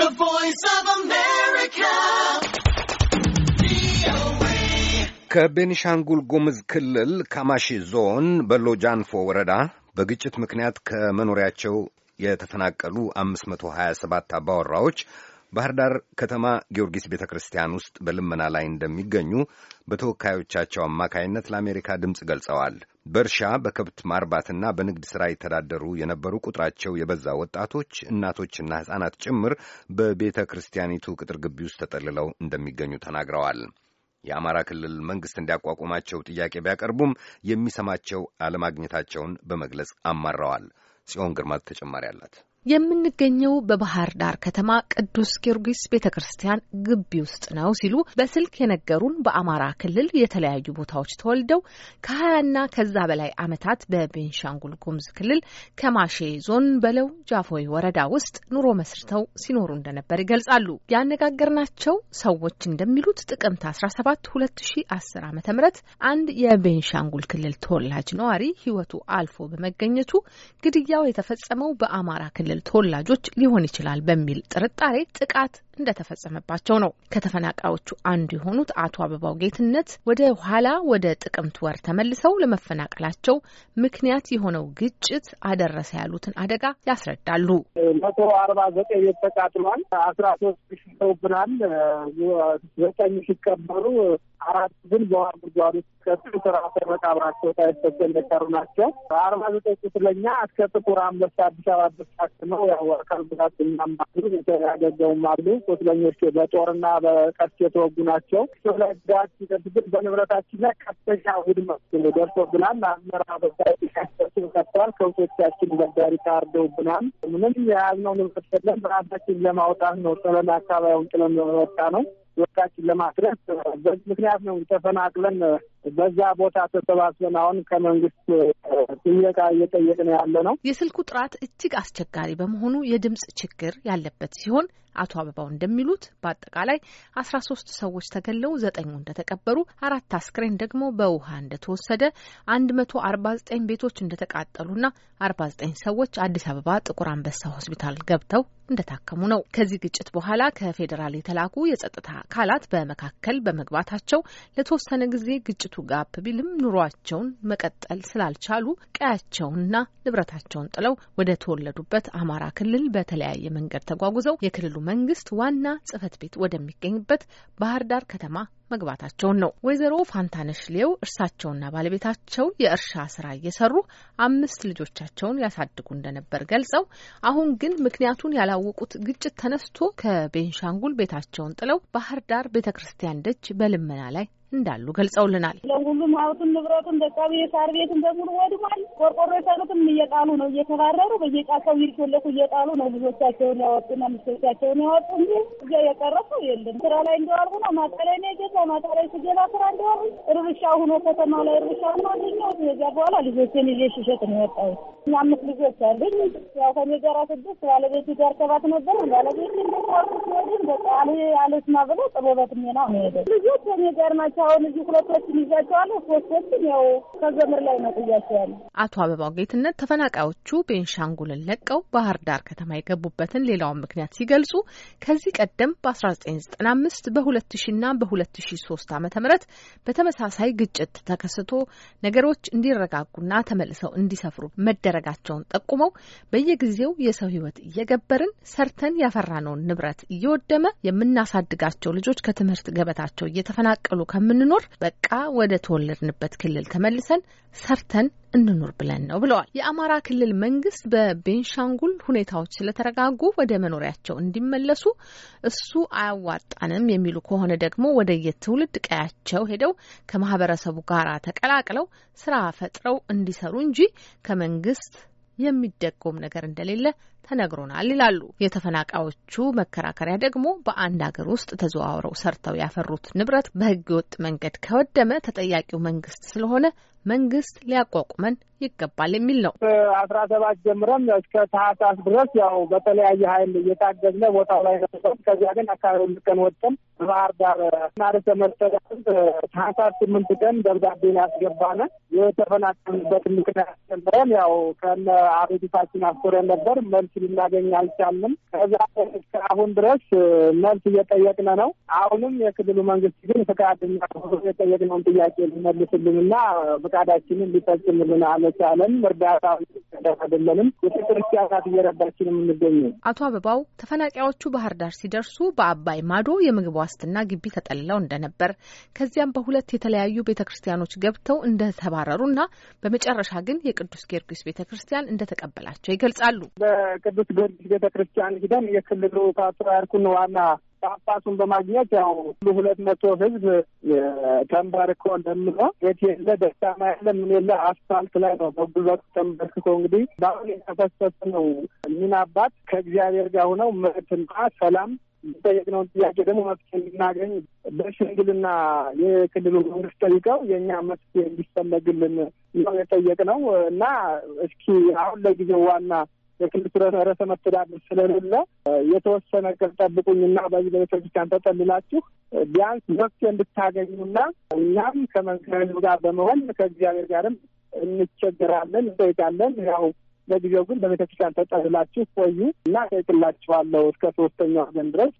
The Voice of America. ከቤኒሻንጉል ጉምዝ ክልል ካማሺ ዞን በሎጃንፎ ወረዳ በግጭት ምክንያት ከመኖሪያቸው የተፈናቀሉ 527 አባወራዎች ባህር ዳር ከተማ ጊዮርጊስ ቤተ ክርስቲያን ውስጥ በልመና ላይ እንደሚገኙ በተወካዮቻቸው አማካይነት ለአሜሪካ ድምፅ ገልጸዋል። በእርሻ በከብት ማርባትና በንግድ ሥራ የተዳደሩ የነበሩ ቁጥራቸው የበዛ ወጣቶች፣ እናቶችና ሕፃናት ጭምር በቤተ ክርስቲያኒቱ ቅጥር ግቢ ውስጥ ተጠልለው እንደሚገኙ ተናግረዋል። የአማራ ክልል መንግሥት እንዲያቋቁማቸው ጥያቄ ቢያቀርቡም የሚሰማቸው አለማግኘታቸውን በመግለጽ አማረዋል። ጽዮን ግርማት ተጨማሪ አላት። የምንገኘው በባህር ዳር ከተማ ቅዱስ ጊዮርጊስ ቤተ ክርስቲያን ግቢ ውስጥ ነው ሲሉ በስልክ የነገሩን በአማራ ክልል የተለያዩ ቦታዎች ተወልደው ከሀያና ከዛ በላይ ዓመታት በቤንሻንጉል ጉሙዝ ክልል ከማሼ ዞን በለው ጃፎይ ወረዳ ውስጥ ኑሮ መስርተው ሲኖሩ እንደነበር ይገልጻሉ። ያነጋገርናቸው ሰዎች እንደሚሉት ጥቅምት 17 2010 ዓ ም አንድ የቤንሻንጉል ክልል ተወላጅ ነዋሪ ህይወቱ አልፎ በመገኘቱ ግድያው የተፈጸመው በአማራ ክልል ክልል ተወላጆች ሊሆን ይችላል በሚል ጥርጣሬ ጥቃት እንደተፈጸመባቸው ነው። ከተፈናቃዮቹ አንዱ የሆኑት አቶ አበባው ጌትነት ወደ ኋላ ወደ ጥቅምት ወር ተመልሰው ለመፈናቀላቸው ምክንያት የሆነው ግጭት አደረሰ ያሉትን አደጋ ያስረዳሉ። መቶ አርባ ዘጠኝ ተቃጥሏል። አስራ ሶስት ሺህ ብናል ዘጠኝ ሲቀበሩ አራት ግን በውሃ ጉድጓድ ውስጥ ከጥሩ ስራ መቃብራቸው ሳይፈቱ እንደቀሩ ናቸው። አርባ ዘጠኝ ቁስለኛ እስከ ጥቁር አንበሳ አዲስ አበባ ድረስ ነው። ያው አካል ጉዳት ናማሉ የተያገገውም አሉ። ቁስለኞች በጦርና በቀስት የተወጉ ናቸው። ላይ ጉዳት ሲደርስ ግን በንብረታችን ላይ ከፍተኛ ውድመት ደርሶብናል። አመራ በሳ ከብቶቻችን ቀጥተዋል። ከብቶቻችን በዳሪ ታርደውብናል። ምንም የያዝነው ንብረት የለም። ራሳችን ለማውጣት ነው ጥለን አካባቢውን ጥለን ለመወጣ ነው ወጣችን ለማስረት በዚህ ምክንያት ነው ተፈናቅለን በዛ ቦታ ተሰባስበን አሁን ከመንግስት ጥየቃ እየጠየቅን ያለ ነው። የስልኩ ጥራት እጅግ አስቸጋሪ በመሆኑ የድምጽ ችግር ያለበት ሲሆን አቶ አበባው እንደሚሉት በአጠቃላይ አስራ ሶስት ሰዎች ተገለው ዘጠኙ እንደተቀበሩ፣ አራት አስክሬን ደግሞ በውሃ እንደተወሰደ፣ አንድ መቶ አርባ ዘጠኝ ቤቶች እንደ የተቃጠሉና 49 ሰዎች አዲስ አበባ ጥቁር አንበሳ ሆስፒታል ገብተው እንደታከሙ ነው። ከዚህ ግጭት በኋላ ከፌዴራል የተላኩ የጸጥታ አካላት በመካከል በመግባታቸው ለተወሰነ ጊዜ ግጭቱ ጋብ ቢልም ኑሯቸውን መቀጠል ስላልቻሉ ቀያቸውንና ንብረታቸውን ጥለው ወደ ተወለዱበት አማራ ክልል በተለያየ መንገድ ተጓጉዘው የክልሉ መንግስት ዋና ጽህፈት ቤት ወደሚገኝበት ባህር ዳር ከተማ መግባታቸውን ነው። ወይዘሮ ፋንታነሽ ሌው እርሳቸውና ባለቤታቸው የእርሻ ስራ እየሰሩ አምስት ልጆቻቸውን ያሳድጉ እንደነበር ገልጸው አሁን ግን ምክንያቱን ያላወቁት ግጭት ተነስቶ ከቤንሻንጉል ቤታቸውን ጥለው ባህር ዳር ቤተ ክርስቲያን ደጅ በልመና ላይ እንዳሉ ገልጸውልናል። ለሁሉም ሀብቱን ንብረቱን በቃ የሳር ቤትን በሙሉ ወድሟል። ቆርቆሮ የሰሩትም እየጣሉ ነው፣ እየተባረሩ በየጫካው ይርሾለኩ እየጣሉ ነው። ልጆቻቸውን ያወጡና ምስቶቻቸውን ያወጡ እንጂ እዚያ የቀረሱ የለም። ስራ ላይ እንደዋልኩ ነው። ማታ ላይ ነው የገዛው። ማታ ላይ ስገባ ስራ እንደዋልኩ እርብሻ ሁኖ ከተማ ላይ እርብሻ ሁኖ አገኘሁት። ከዚያ በኋላ ልጆችን ይዤ ሽሸት ነው የወጣሁት። አምስት ልጆች አሉኝ። ያው ከኔ ጋራ ስድስት ባለቤቱ ጋር ሰባት ነበር። ባለቤት እንደሳሩ ሲወድን በቃ አለስማ ብሎ ጥበበት ሜና ነው ሄደ። ልጆች ከኔ ጋር ናቸው አሁን እዚህ ሁለቶችን ይዛቸዋለ ሶስቶችን ያው ከዘምር ላይ ነው ጥያቸዋል። አቶ አበባው ጌትነት ተፈናቃዮቹ ቤንሻንጉልን ለቀው ባህር ዳር ከተማ የገቡበትን ሌላውን ምክንያት ሲገልጹ ከዚህ ቀደም በ1995 በ2000 እና በ2003 ዓ ም በተመሳሳይ ግጭት ተከስቶ ነገሮች እንዲረጋጉና ተመልሰው እንዲሰፍሩ መደረጋቸውን ጠቁመው በየጊዜው የሰው ህይወት እየገበርን ሰርተን ያፈራነውን ንብረት እየወደመ የምናሳድጋቸው ልጆች ከትምህርት ገበታቸው እየተፈናቀሉ ከም ከምንኖር በቃ ወደ ተወለድንበት ክልል ተመልሰን ሰርተን እንኖር ብለን ነው ብለዋል። የአማራ ክልል መንግስት በቤንሻንጉል ሁኔታዎች ስለተረጋጉ ወደ መኖሪያቸው እንዲመለሱ፣ እሱ አያዋጣንም የሚሉ ከሆነ ደግሞ ወደ የትውልድ ቀያቸው ሄደው ከማህበረሰቡ ጋር ተቀላቅለው ስራ ፈጥረው እንዲሰሩ እንጂ ከመንግስት የሚደጎም ነገር እንደሌለ ተነግሮናል ይላሉ። የተፈናቃዮቹ መከራከሪያ ደግሞ በአንድ ሀገር ውስጥ ተዘዋውረው ሰርተው ያፈሩት ንብረት በሕገ ወጥ መንገድ ከወደመ ተጠያቂው መንግስት ስለሆነ መንግስት ሊያቋቁመን ይገባል የሚል ነው። አስራ ሰባት ጀምረም እስከ ታህሳስ ድረስ ያው በተለያየ ሀይል እየታገዝነ ቦታው ላይ ነበር። ከዚያ ግን አካባቢ ልቀን ወጥተን በባህር ዳር ናርሰ መስተዳድር ታህሳስ ስምንት ቀን ደብዳቤን ያስገባነ የተፈናቀንበት ምክንያት ጀምረን ያው ከነ አቤቱታችን አስኮረን ነበር መልስ መልስ ልናገኝ አልቻልንም። ከዛ እስከ አሁን ድረስ መልስ እየጠየቅነ ነው። አሁንም የክልሉ መንግስት ግን ፈቃደኛ የጠየቅነውን ጥያቄ ሊመልስልንና ፈቃዳችንን ሊፈጽምልን አልቻለም። እርዳታ አይደለንም። ቤተክርስቲያናት እየረዳችን የምንገኘው። አቶ አበባው ተፈናቃዮቹ ባህር ዳር ሲደርሱ በአባይ ማዶ የምግብ ዋስትና ግቢ ተጠልለው እንደነበር ከዚያም በሁለት የተለያዩ ቤተ ክርስቲያኖች ገብተው እንደተባረሩና በመጨረሻ ግን የቅዱስ ጊዮርጊስ ቤተ ክርስቲያን እንደተቀበላቸው ይገልጻሉ። በቅዱስ ጊዮርጊስ ቤተ ክርስቲያን ሂደን የክልሉ ፓትርያርኩን ዋና ጳጳሱን በማግኘት ያው ሁሉ ሁለት መቶ ህዝብ ተንበርኮ እንደምለ ቤት የለ ደስታማ ያለ ምን የለ አስፋልት ላይ ነው በጉልበቱ ተንበርክኮ እንግዲህ በአሁን የተፈሰሰ ነው። ምን አባት ከእግዚአብሔር ጋር ሆነው ምሕረትና ሰላም የሚጠየቅነውን ጥያቄ ደግሞ መፍትሄ እንድናገኝ በሽምግልና የክልሉ መንግስት ጠይቀው የእኛ መፍትሄ እንዲፈለግልን ነው የጠየቅነው እና እስኪ አሁን ለጊዜው ዋና የክልል ርዕሰ መስተዳድር ስለሌለ የተወሰነ ቀን ጠብቁኝና በዚህ በቤተክርስቲያን ተጠልላችሁ ቢያንስ መፍትሄ እንድታገኙና እኛም ከመንከሉ ጋር በመሆን ከእግዚአብሔር ጋርም እንቸገራለን፣ እንጠይቃለን ያው ለጊዜው ግን በቤተክርስቲያን ተጠልላችሁ ቆዩ እና ጠይቅላችኋለሁ እስከ ሶስተኛው ወገን ድረስ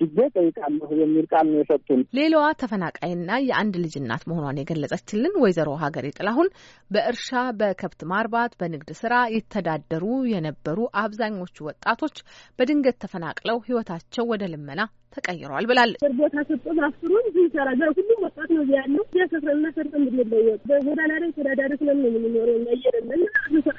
ሂጄ ጠይቃለሁ የሚል ቃል ነው የሰጡን። ሌላዋ ተፈናቃይና የአንድ ልጅ እናት መሆኗን የገለጸችልን ወይዘሮ ሀገሬ ጥላሁን በእርሻ በከብት ማርባት፣ በንግድ ስራ ይተዳደሩ የነበሩ አብዛኞቹ ወጣቶች በድንገት ተፈናቅለው ህይወታቸው ወደ ልመና ተቀይረዋል ብላለች። ቦታ ሰጡን አስሩን ይሰራ ሁሉም ወጣት ነው ያለው ያሰፍረና ሰርተ ምድለወጥ በጎዳና ላይ ተዳዳሪ ስለምን የምንኖረው ያየለለን ሰራ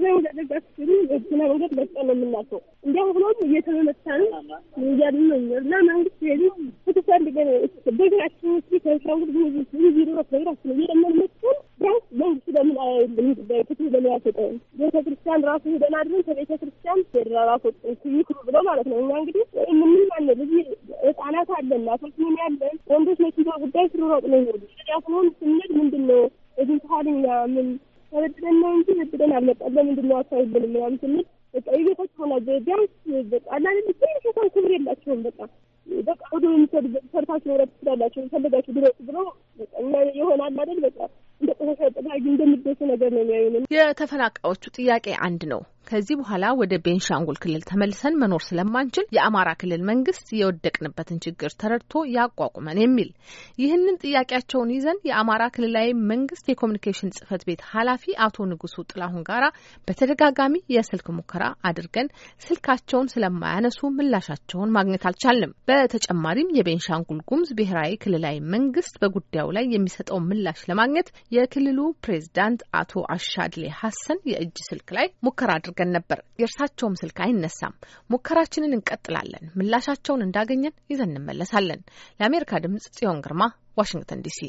ኤርትራ ወዳደጋችን ህዝብና መንገድ መጣ ነው የምናውቀው። እንዲያው ሆኖም እየተመመታ ነው እያሉ ነው እና መንግስት ሄዱ ፍትሳ እንደገና በእግራችን ስ ከሳሁድ ቢሮሮት በእግራችን እየለመመችን ቢያንስ መንግስት ለምን አያይልም ጉዳይ ፍትህ ለምን ያሰጠውም ቤተ ክርስቲያን ራሱ ሄደን ከቤተ ክርስቲያን ፌደራል አስወጡን ይክሩ ብለው ማለት ነው። እኛ እንግዲህ ምንም አለ ህጻናት አለን እናቶች ምን ያለን ወንዶች መኪና ጉዳይ ስሩሮጥ ነው ይሆ ስዳስሆን ስንል ምንድን ነው እዚህ ሳልኛ ምን ተበድለን ነው እንጂ በድለን አልመጣም። ለምንድን ነው አታይልንም ምናምን ስንል በቃ ሆና ቢያንስ በቃ አንዳንድ ትንሽ ሰው ክብር የላቸውም። በቃ በቃ ወደ የሚሰዱበት ሰርታችሁ መውረድ ትችላላችሁ፣ ፈለጋችሁ ድረሱ ብለው ይሆናል አይደል በቃ እንደ ቆሻሻ ጠጋጊ እንደሚደሱ ነገር ነው የሚያዩን። የተፈናቃዮቹ ጥያቄ አንድ ነው። ከዚህ በኋላ ወደ ቤንሻንጉል ክልል ተመልሰን መኖር ስለማንችል የአማራ ክልል መንግስት የወደቅንበትን ችግር ተረድቶ ያቋቁመን የሚል ይህንን ጥያቄያቸውን ይዘን የአማራ ክልላዊ መንግስት የኮሚኒኬሽን ጽህፈት ቤት ኃላፊ አቶ ንጉሱ ጥላሁን ጋራ በተደጋጋሚ የስልክ ሙከራ አድርገን ስልካቸውን ስለማያነሱ ምላሻቸውን ማግኘት አልቻልንም። በተጨማሪም የቤንሻንጉል ጉሙዝ ብሔራዊ ክልላዊ መንግስት በጉዳዩ ላይ የሚሰጠውን ምላሽ ለማግኘት የክልሉ ፕሬዝዳንት አቶ አሻድሌ ሀሰን የእጅ ስልክ ላይ ሙከራ አድርገን አድርገን ነበር። የእርሳቸውም ስልክ አይነሳም። ሙከራችንን እንቀጥላለን። ምላሻቸውን እንዳገኘን ይዘን እንመለሳለን። ለአሜሪካ ድምጽ ጽዮን ግርማ ዋሽንግተን ዲሲ